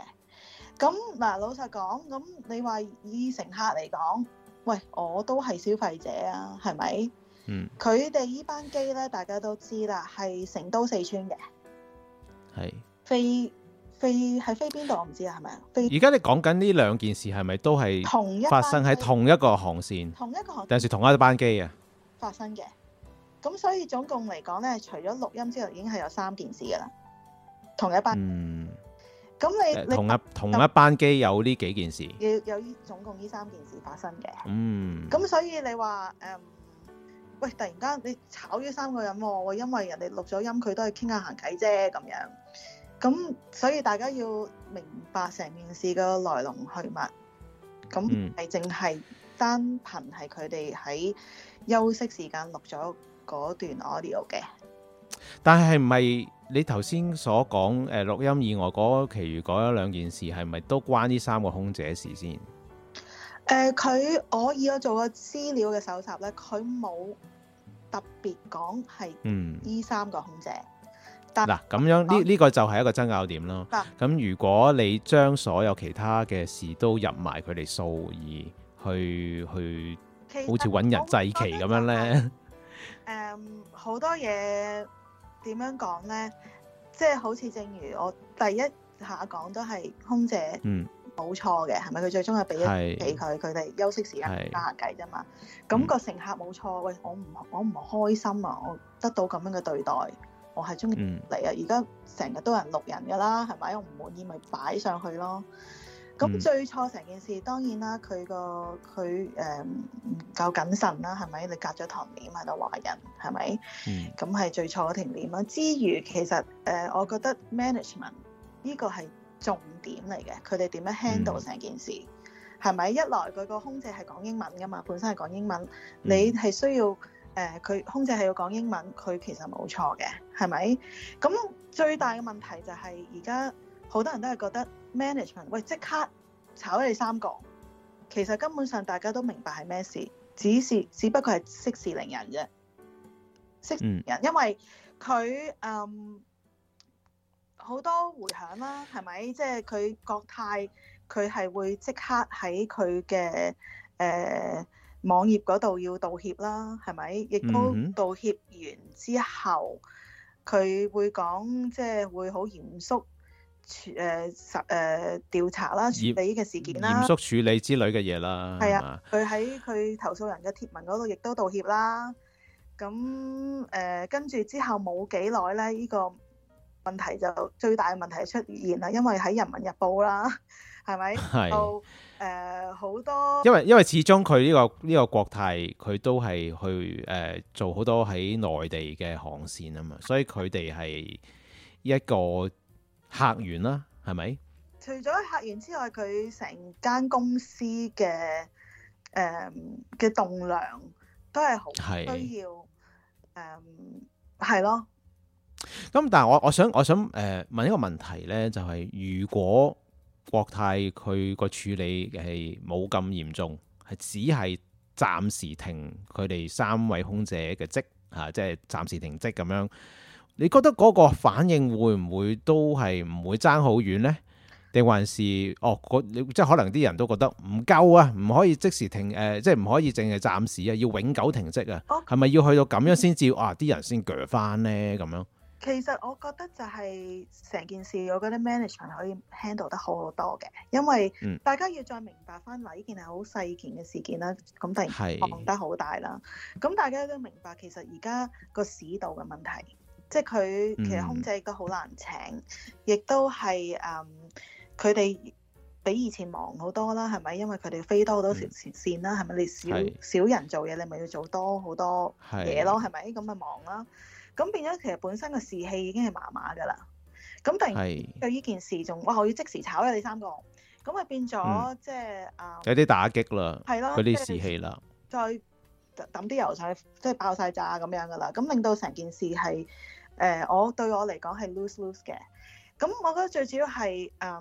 咁嗱，老實講，咁你話以乘客嚟講，喂，我都係消費者啊，係咪？嗯。佢哋依班機咧，大家都知啦，係成都四川嘅。係。飛飛係飛邊度？我唔知啊，係咪？飛。而家你講緊呢兩件事係咪都係同一發生喺同一個航線？同一個航，定係同一班機啊？發生嘅。咁所以總共嚟講咧，除咗錄音之後，已經係有三件事㗎喇，同一班。嗯。咁你同一你同一班機有呢幾件事，有有呢總共呢三件事發生嘅。嗯。咁所以你話誒、嗯，喂，突然間你炒咗三個人喎、哦，因為人哋錄咗音，佢都係傾下閒偈啫咁樣。咁所以大家要明白成件事嘅來龍去脈。咁唔係淨係單憑係佢哋喺休息時間錄咗嗯嗰段 audio 嘅，但係係咪你頭先所講誒、呃、錄音以外嗰其餘嗰兩件事係咪都關呢三個空姐事先？誒、呃，佢我以我做個資料嘅搜集咧，佢冇特別講係嗯呢三個空姐。嗱、嗯、咁、啊、樣呢，呢個就係一個爭拗點咯。咁、啊、如果你將所有其他嘅事都入埋佢哋數，而去去好似搵人祭旗咁、嗯、樣咧？嗯 誒，好多嘢點樣講咧？即係好似正如我第一下講都係空姐，嗯，冇錯嘅，係咪佢最終係俾俾佢佢哋休息時間打下偈啫嘛？咁個乘客冇錯，喂，我唔我唔開心啊！我得到咁樣嘅對待，我係中意嚟啊！而家成日都有人錄人噶啦，係咪？我唔滿意咪擺上去咯。咁最錯成件事，當然啦，佢、個佢誒、呃、唔夠謹慎啦，係咪？你隔咗堂漬喺度懷孕，係咪？咁係、嗯、最錯嘅停電啦。之餘，其實誒、呃，我覺得 management 呢個係重點嚟嘅，佢哋點樣 handle 成件事，係、嗯、咪？一來佢個空姐係講英文㗎嘛，本身係講英文，嗯、你係需要誒，佢、呃、空姐係要講英文，佢其實冇錯嘅，係咪？咁最大嘅問題就係而家好多人都係覺得。management，喂，即刻炒你三個，其實根本上大家都明白係咩事，只是只不過係息事靈人息事寧人啫，息事寧人、嗯，因為佢嗯好多迴響啦，係咪？即係佢國泰，佢係會即刻喺佢嘅誒網頁嗰度要道歉啦，係咪？亦都道歉完之後，佢、嗯、會講，即、就、係、是、會好嚴肅。誒十、呃、調查啦，處理嘅事件啦，嚴肅處理之類嘅嘢啦。係啊，佢喺佢投訴人嘅貼文嗰度亦都道歉啦。咁誒跟住之後冇幾耐呢，呢、呢個問題就最大嘅問題出現啦，因為喺《人民日報》啦，係咪？係好、呃、多，因為因為始終佢呢、呢個呢、呢個國泰佢都係去誒、呃、做好多喺內地嘅航線啊嘛，所以佢哋係一個。客源啦，係咪？除咗客源之外，佢成間公司嘅誒嘅棟梁都係好需要誒，係咯。咁、嗯、但係我我想我想誒、呃、問一個問題咧，就係、是、如果國泰佢個處理係冇咁嚴重，係只係暫時停佢哋三位空姐嘅職嚇，即、啊、係、就是、暫時停職咁樣。你覺得嗰個反應會唔會都係唔會爭好遠呢？定還是哦？你即係可能啲人都覺得唔夠啊，唔可以即時停誒、呃，即係唔可以淨係暫時啊，要永久停職啊？係、哦、咪要去到咁樣先至、嗯、啊？啲人先鋸翻呢？咁樣？其實我覺得就係成件事，我覺得 management 可以 handle 得好好多嘅，因為大家要再明白翻話，呢件係好細件嘅事件啦。咁突然放得好大啦，咁大家都明白，其實而家個市道嘅問題。即係佢其實空姐都好難請，亦都係誒佢哋比以前忙好多啦，係咪？因為佢哋飛多好多條線啦，係、嗯、咪？你少少人做嘢，你咪要做多好多嘢咯，係咪？咁咪忙啦。咁變咗其實本身個士氣已經係麻麻噶啦。咁突然對呢件事，仲哇！我要即時炒咗你三個咁啊，變咗、嗯、即係啊、呃、有啲打擊啦，係咯，佢啲士氣啦，再抌啲油上去，即係爆晒炸咁樣噶啦。咁令到成件事係。誒、呃、我對我嚟講係 lose lose 嘅，咁我覺得最主要係誒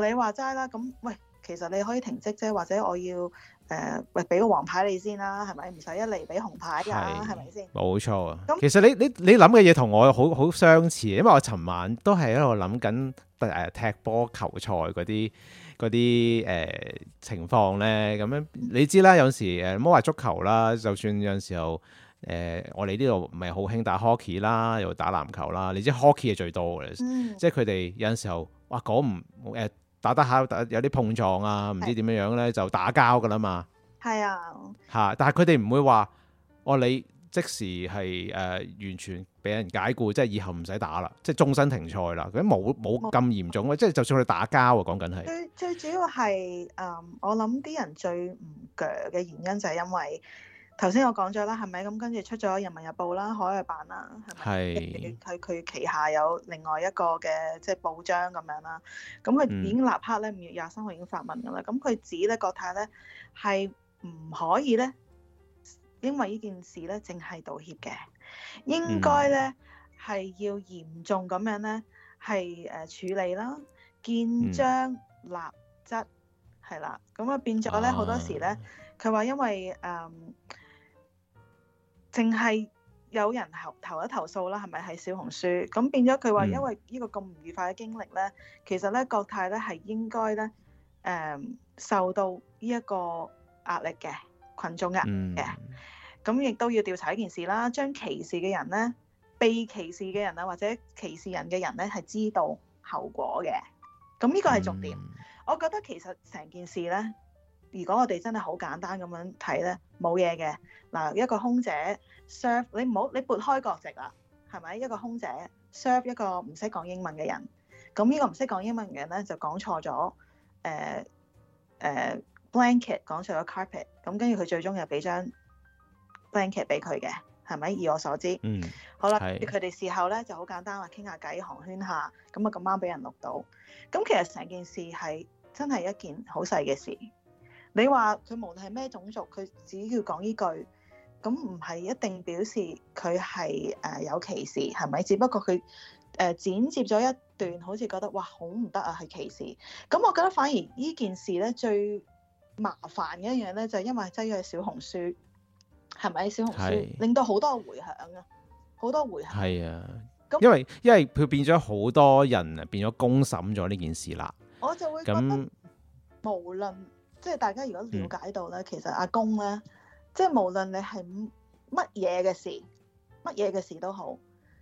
學你話齋啦，咁喂其實你可以停職啫，或者我要誒喂俾個黃牌你先啦，係咪唔使一嚟俾紅牌啊？係咪先？冇錯啊！咁其實你你你諗嘅嘢同我好好相似，因為我尋晚都係喺度諗緊誒踢波球賽嗰啲嗰啲誒情況咧，咁樣你知啦、嗯，有時誒唔好話足球啦，就算有陣時候。誒、呃，我哋呢度唔係好興打 hockey 啦，又打籃球啦，你知 hockey 係最多嘅、嗯，即係佢哋有陣時候，哇講唔誒打得下，有啲碰撞啊，唔知點樣樣咧就打交㗎啦嘛，係啊，嚇！但係佢哋唔會話我你即時係誒、呃、完全俾人解僱，即係以後唔使打啦，即係終身停賽啦，咁冇冇咁嚴重即係就算佢打交啊，講緊係最主要係誒、嗯，我諗啲人最唔鋸嘅原因就係因為。頭先我講咗啦，係咪咁跟住出咗《人民日報》啦，《海外版》啦，係咪佢佢旗下有另外一個嘅即係報章咁樣啦？咁佢已經立刻咧五月廿三號已經發文嘅啦。咁、嗯、佢指咧國泰咧係唔可以咧，因為呢件事咧淨係道歉嘅，應該咧係要嚴重咁樣咧係誒處理啦，建章立則係、嗯、啦。咁啊變咗咧好多時咧，佢話因為誒。呃淨係有人投投一投訴啦，係咪？係小紅書咁變咗佢話，因為呢個咁唔愉快嘅經歷咧、嗯，其實咧國泰咧係應該咧誒、嗯、受到呢一個壓力嘅群眾嘅壓力嘅，咁、嗯、亦都要調查一件事啦，將歧視嘅人咧、被歧視嘅人啊，或者歧視人嘅人咧係知道後果嘅，咁呢個係重點、嗯。我覺得其實成件事咧。如果我哋真係好簡單咁樣睇咧，冇嘢嘅。嗱，一個空姐 serve 你唔好，你撥開國籍啦，係咪？一個空姐 serve 一個唔識講英文嘅人，咁呢個唔識講英文嘅人咧就講錯咗誒誒 blanket 講錯咗 carpet，咁跟住佢最終又俾張 blanket 俾佢嘅係咪？以我所知，嗯，好啦，佢哋事後咧就好簡單話傾下偈，寒暄下咁啊，咁啱俾人錄到咁。其實成件事係真係一件好細嘅事。你話佢無論係咩種族，佢只要講呢句，咁唔係一定表示佢係誒有歧視，係咪？只不過佢誒、呃、剪接咗一段，好似覺得哇好唔得啊，係歧視。咁我覺得反而呢件事咧最麻煩嘅一樣咧，就係、因為真係小紅書係咪？小紅書令到好多回響啊，好多回響。係啊，咁因為因為佢變咗好多人啊，變咗公審咗呢件事啦。我就會咁，無論。即係大家如果了解到咧、嗯，其實阿公咧，即係無論你係乜嘢嘅事，乜嘢嘅事都好，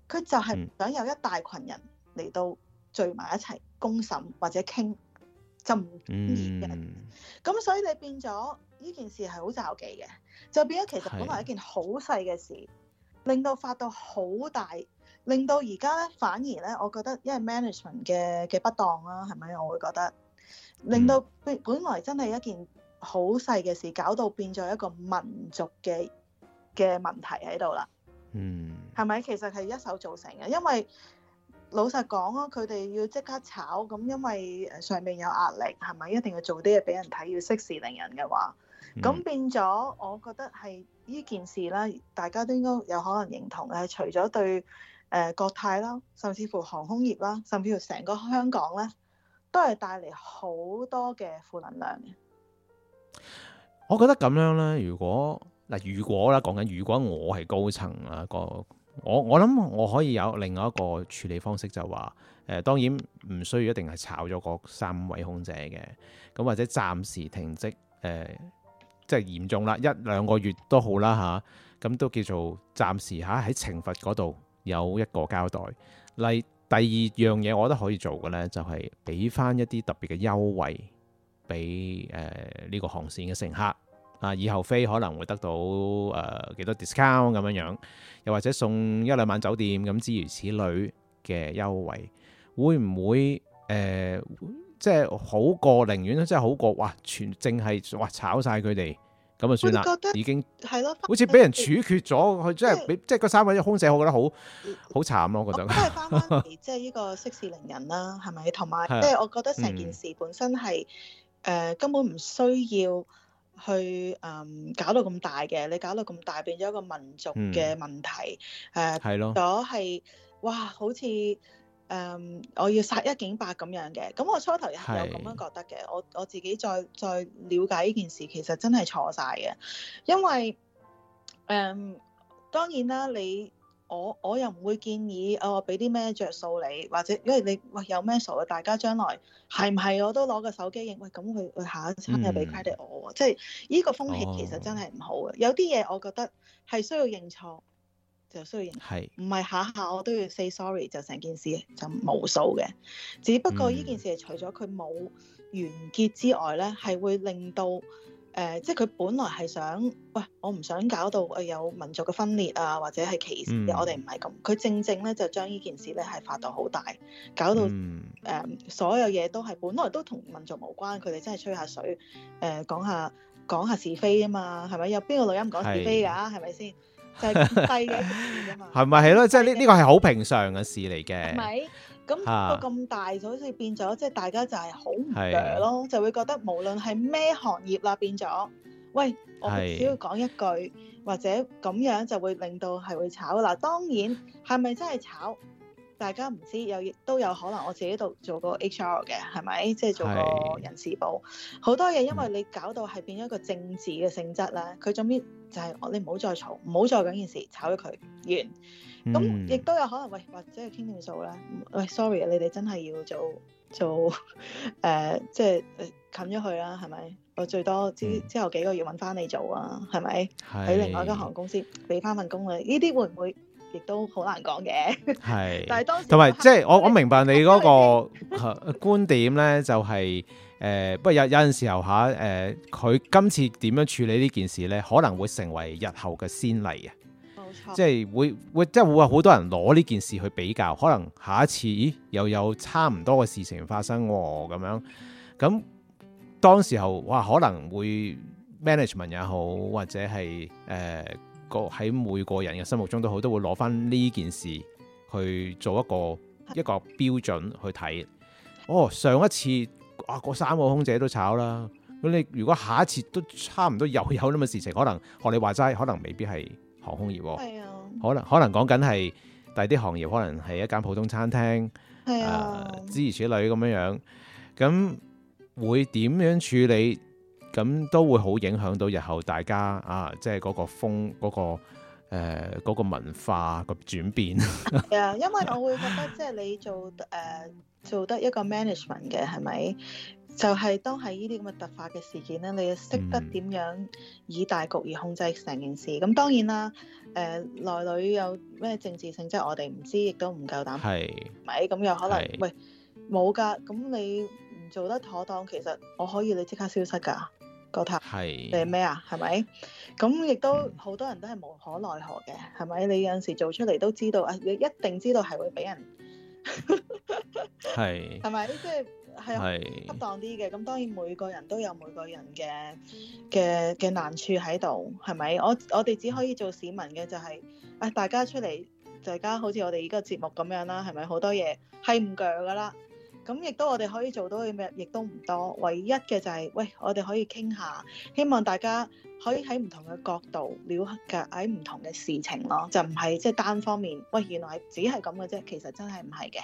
佢就係唔想有一大群人嚟到聚埋一齊公審或者傾，就唔易嘅。咁、嗯、所以你變咗呢件事係好罩忌嘅，就變咗其實本來一件好細嘅事，令到發到好大，令到而家咧反而咧，我覺得因為 management 嘅嘅不當啦、啊，係咪？我會覺得。令到本本來真係一件好細嘅事，搞到變咗一個民族嘅嘅問題喺度啦。嗯，係咪其實係一手造成嘅？因為老實講啊，佢哋要即刻炒，咁因為誒上面有壓力，係咪一定要做啲嘢俾人睇，要息事寧人嘅話，咁變咗我覺得係呢件事咧，大家都應該有可能認同嘅。係除咗對誒國泰啦，甚至乎航空業啦，甚至乎成個香港咧。都係帶嚟好多嘅負能量嘅。我覺得咁樣咧，如果嗱，如果啦，講緊如果我係高層啊，個我我諗我可以有另外一個處理方式就，就話誒，當然唔需要一定係炒咗個三位空姐嘅，咁或者暫時停職，誒，即係嚴重啦，一兩個月都好啦吓，咁都叫做暫時吓，喺懲罰嗰度有一個交代，例。第二樣嘢我覺得可以做嘅呢，就係俾翻一啲特別嘅優惠俾呢個航線嘅乘客啊，以後飛可能會得到、呃、幾多 discount 咁樣樣，又或者送一兩晚酒店咁之如此類嘅優惠，會唔會、呃、即係好過寧願即係好過哇全淨係哇炒晒佢哋？咁啊算啦，已經係咯，好似俾人處決咗佢，即係即係個三位人空姐，我覺得好好慘咯，覺得都係翻翻嚟，嗯啊、是回回 即係呢個息事寧人啦，係咪？同埋即係我覺得成件事本身係誒、嗯呃、根本唔需要去誒、嗯、搞到咁大嘅，你搞到咁大變咗一個民族嘅問題誒，係、嗯、咯、呃，咗係哇，好似～誒、um，我要殺一儆百咁樣嘅，咁我初頭又係有咁樣覺得嘅。我我自己再再了解呢件事，其實真係錯晒嘅。因為誒，um, 當然啦，你我我又唔會建議我俾啲咩着數你，或者因為你喂有咩數啊？大家將來係唔係我都攞個手機影？喂，咁佢佢下一餐又俾 credit 我啊！即係呢個風氣其實真係唔好嘅、哦。有啲嘢我覺得係需要認錯。就雖然係唔係下下我都要 say sorry 就成件事就冇數嘅，只不過呢件事除咗佢冇完結之外咧，係、嗯、會令到誒、呃，即係佢本來係想喂我唔想搞到誒有民族嘅分裂啊，或者係歧視，嗯、我哋唔係咁。佢正正咧就將呢件事咧係發到好大，搞到誒、嗯呃、所有嘢都係本來都同民族無關，佢哋真係吹下水誒講、呃、下講下是非啊嘛，係咪？有邊個女人唔講是非㗎、啊？係咪先？就係咁低嘅咁樣噶嘛，係咪係咯？即係呢呢個係好平常嘅事嚟嘅。係咪咁個咁大，就好似變咗，即係大家就係好唔弱咯，就會覺得無論係咩行業啦，變咗，喂，我只要講一句，或者咁樣就會令到係會炒喇。當然係咪真係炒？大家唔知，又亦都有可能。我自己度做過 HR 嘅，係咪即係做過人事部好多嘢？因為你搞到係變咗一個政治嘅性質咧，佢仲邊？就係我你唔好再嘈，唔好再講件事，炒咗佢完。咁亦都有可能，喂，或者傾掂數啦。喂，sorry，你哋真係要做做誒，即係誒冚咗佢啦，係咪？我最多之之後幾個月揾翻你做啊，係咪？喺另外一間航空公司俾翻份工啊，呢啲會唔會亦都好難講嘅？係。但係當時同埋即係我我明白你嗰個觀點咧，就係。誒、呃，不過有有陣時候吓，誒、呃，佢今次點樣處理呢件事咧，可能會成為日後嘅先例啊，冇錯，即係會會即係會話好多人攞呢件事去比較，可能下一次咦又有差唔多嘅事情發生咁、哦、樣，咁當時候哇可能會 management 也好，或者係誒個喺每個人嘅心目中都好，都會攞返呢件事去做一個一個標準去睇，哦，上一次。啊！個三個空姐都炒啦，咁你如果下一次都差唔多又有咁嘅事情，可能學你話齋，可能未必係航空業，可能可能講緊係第啲行業，可能係一間普通餐廳，係啊，啊，諸如此類咁樣樣，咁會點樣處理？咁都會好影響到日後大家啊，即係嗰個風嗰，嗰個呃嗰個文化個轉變。係啊，因為我會覺得 即係你做誒。呃做得一個 management 嘅係咪？就係、是、當喺呢啲咁嘅突發嘅事件咧，你又識得點樣以大局而控制成件事？咁、嗯、當然啦，誒、呃、內裏有咩政治性質，即係我哋唔知，亦都唔夠膽。係咪咁又可能？喂，冇㗎，咁你唔做得妥當，其實我可以你即刻消失㗎，個塔。係。誒咩啊？係咪？咁亦都好、嗯、多人都係無可奈何嘅，係咪？你有陣時做出嚟都知道啊，你一定知道係會俾人。係係咪？即係係恰當啲嘅。咁當然每個人都有每個人嘅嘅嘅難處喺度，係咪？我我哋只可以做市民嘅就係、係，啊、哎、大家出嚟，大家好似我哋依個節目咁樣啦，係咪？好多嘢係唔講㗎啦。係。咁亦都我哋可以做到嘅咩，亦都唔多。唯一嘅就係，喂，我哋可以傾下，希望大家可以喺唔同嘅角度了解喺唔同嘅事情咯，就唔係即係單方面。喂，原來只係咁嘅啫，其實真係唔係嘅。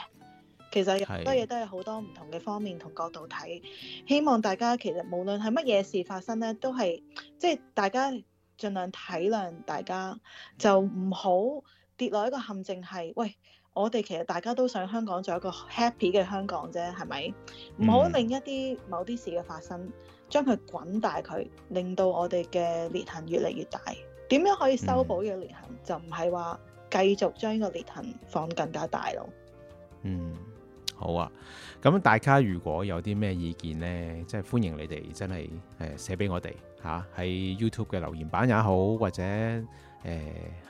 其實好多嘢都係好多唔同嘅方面同角度睇。希望大家其實無論係乜嘢事發生咧，都係即係大家盡量體諒大家，就唔好跌落一個陷阱係喂。我哋其實大家都想香港做一個 happy 嘅香港啫，係咪？唔好令一啲某啲事嘅發生，嗯、將佢滾大佢，令到我哋嘅裂痕越嚟越大。點樣可以修補嘅裂痕？嗯、就唔係話繼續將呢個裂痕放更加大咯。嗯，好啊。咁大家如果有啲咩意見呢？即係歡迎你哋真係誒、欸、寫俾我哋吓喺 YouTube 嘅留言版也好，或者。誒，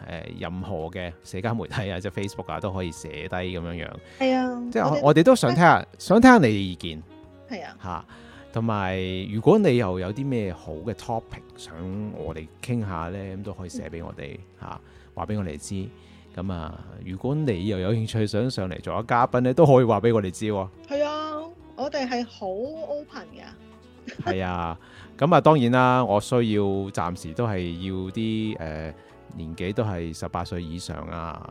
係任何嘅社交媒體，就是，Facebook, 啊，即係 Facebook 啊，啊，都可以寫低咁樣樣。係、嗯、啊，即係我哋都想聽下，想聽下你嘅意見。係啊，吓，同埋如果你又有啲咩好嘅 topic 想我哋傾下咧，咁都可以寫俾我哋吓，話俾我哋知。咁啊，如果你又有興趣想上嚟做下嘉賓咧，都可以話俾我哋知。係啊，我哋係好 open 嘅。係 啊，咁啊，當然啦，我需要暫時都係要啲誒。呃年紀都係十八歲以上啊，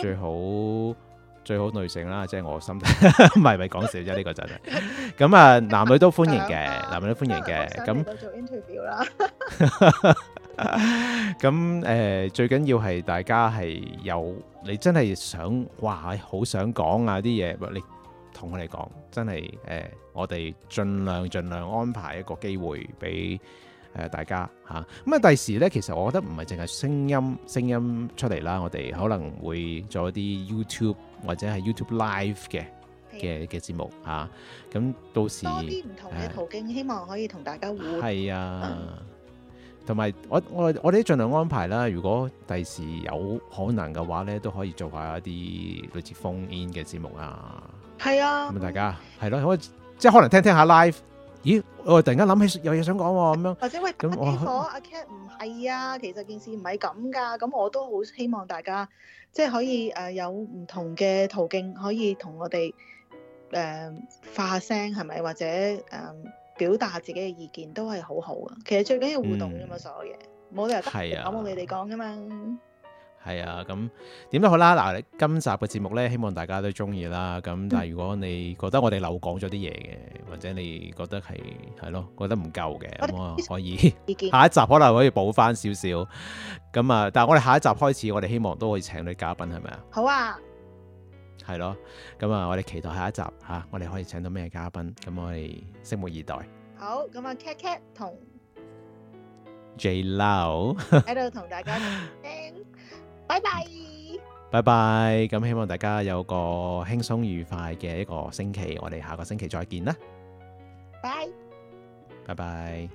最好 最好女性啦，即、就、係、是、我心底咪咪講笑啫呢 個陣，咁啊男女都歡迎嘅，男女都歡迎嘅，咁、啊、做 interview 啦，咁 誒、 呃、最緊要係大家係有你真係想哇好想講啊啲嘢，你同我哋講，真係誒、呃、我哋盡量盡量安排一個機會俾。誒，大家吓，咁啊，第時咧，其實我覺得唔係淨係聲音，聲音出嚟啦，我哋可能會做一啲 YouTube 或者係 YouTube Live 嘅嘅嘅節目吓，咁、啊、到時多啲唔同嘅途徑、啊，希望可以同大家互動。係啊，同、嗯、埋我我我哋盡量安排啦，如果第時有可能嘅話咧，都可以做下一啲類似 phone in 嘅節目啊。係啊，咁、啊、大家係咯，即、嗯、係、啊、可能聽聽下 live。咦，我突然間諗起有嘢想講喎，咁樣或者喂，阿啲火，阿 Kat 唔係啊，其實件事唔係咁噶，咁我都好希望大家即係可以誒有唔同嘅途徑可以同我哋誒發下聲，係咪，或者誒表達下自己嘅意見都係好好啊。其實最緊要互動啫嘛，所有嘢冇理由得我冇你哋講噶嘛。係啊，咁點都好啦。嗱，今集嘅節目咧，希望大家都中意啦。咁但係如果你覺得我哋漏講咗啲嘢嘅，或者你覺得係係咯，覺得唔夠嘅，咁我可以下一集可能可以補翻少少。咁啊，但係我哋下一集開始，我哋希望都可以請到嘉賓，係咪啊？好啊，係咯。咁啊，我哋期待下一集吓、啊，我哋可以請到咩嘉賓？咁我哋拭目以待。好，咁啊，Kat Kat 同 J Lau 喺度同大家。 拜拜，拜拜，咁希望大家有個輕鬆愉快嘅一個星期，我哋下個星期再見啦，拜，拜拜。